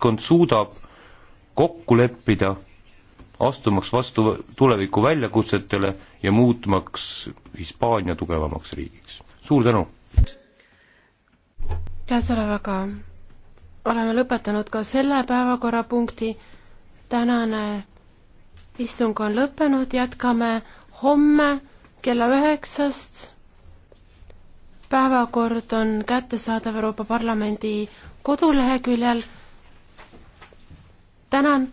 valdkond suudab kokku leppida, astumaks vastu tuleviku väljakutsetele ja muutmaks Hispaania tugevamaks riigiks. suur tänu! käesolevaga oleme lõpetanud ka selle päevakorrapunkti. tänane istung on lõppenud, jätkame homme kella üheksast. päevakord on kättesaadav Euroopa Parlamendi koduleheküljel tänan